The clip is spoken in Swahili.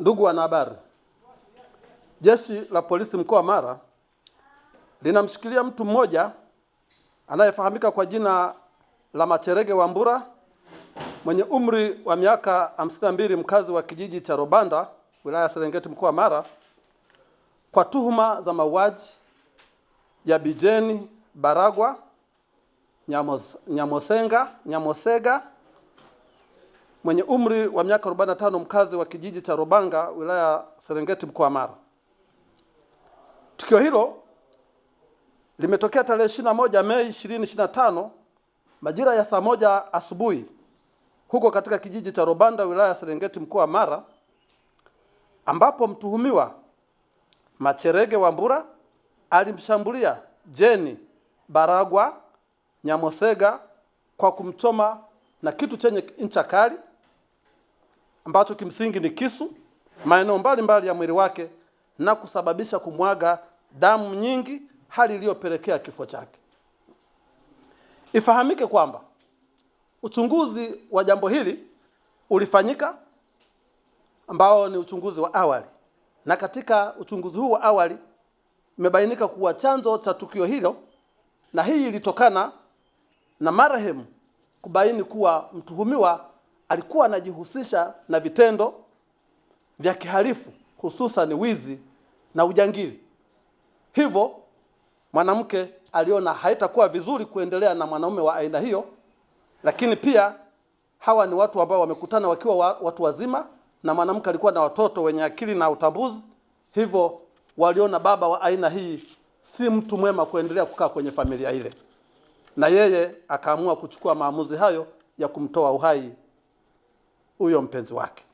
Ndugu wanahabari, jeshi la polisi mkoa wa Mara linamshikilia mtu mmoja anayefahamika kwa jina la Macherege Wambura mwenye umri wa miaka 52, mkazi wa kijiji cha Robanda, wilaya ya Serengeti, mkoa wa Mara kwa tuhuma za mauaji ya Bijeni Baragwa Nyamosenga Nyamosega mwenye umri wa miaka 45 mkazi wa kijiji cha Robanga wilaya Serengeti mkoa wa Mara. Tukio hilo limetokea tarehe 21 Mei 2025 majira ya saa moja asubuhi huko katika kijiji cha Robanda wilaya ya Serengeti mkoa wa Mara ambapo mtuhumiwa Macherege Wambura alimshambulia Jeni Baragwa Nyamosega kwa kumchoma na kitu chenye ncha kali ambacho kimsingi ni kisu maeneo mbalimbali ya mwili wake na kusababisha kumwaga damu nyingi, hali iliyopelekea kifo chake. Ifahamike kwamba uchunguzi wa jambo hili ulifanyika, ambao ni uchunguzi wa awali, na katika uchunguzi huu wa awali imebainika kuwa chanzo cha tukio hilo, na hii ilitokana na marehemu kubaini kuwa mtuhumiwa alikuwa anajihusisha na vitendo vya kihalifu hususan wizi na ujangili. Hivyo mwanamke aliona haitakuwa vizuri kuendelea na mwanaume wa aina hiyo, lakini pia hawa ni watu ambao wamekutana wakiwa wa, watu wazima na mwanamke alikuwa na watoto wenye akili na utambuzi, hivyo waliona baba wa aina hii si mtu mwema kuendelea kukaa kwenye familia ile, na yeye akaamua kuchukua maamuzi hayo ya kumtoa uhai huyo mpenzi wake.